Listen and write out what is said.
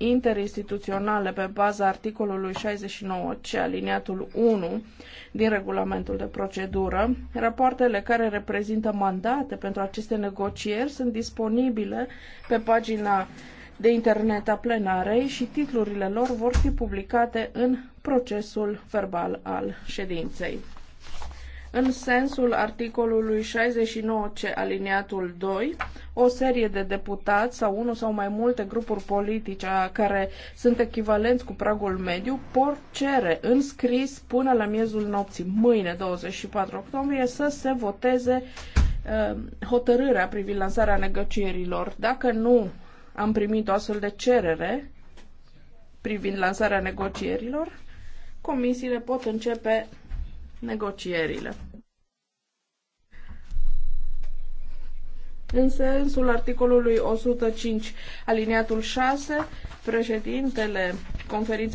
interinstituționale pe baza articolului 69C aliniatul 1 din regulamentul de procedură. Rapoartele care reprezintă mandate pentru aceste negocieri sunt disponibile pe pagina de internet a plenarei și titlurile lor vor fi publicate în procesul verbal al ședinței în sensul articolului 69C aliniatul 2, o serie de deputați sau unul sau mai multe grupuri politice care sunt echivalenți cu pragul mediu pot cere în scris până la miezul nopții, mâine 24 octombrie, să se voteze ehm, hotărârea privind lansarea negocierilor. Dacă nu am primit o astfel de cerere privind lansarea negocierilor, comisiile pot începe negocierile. În sensul articolului 105, aliniatul 6, președintele conferinței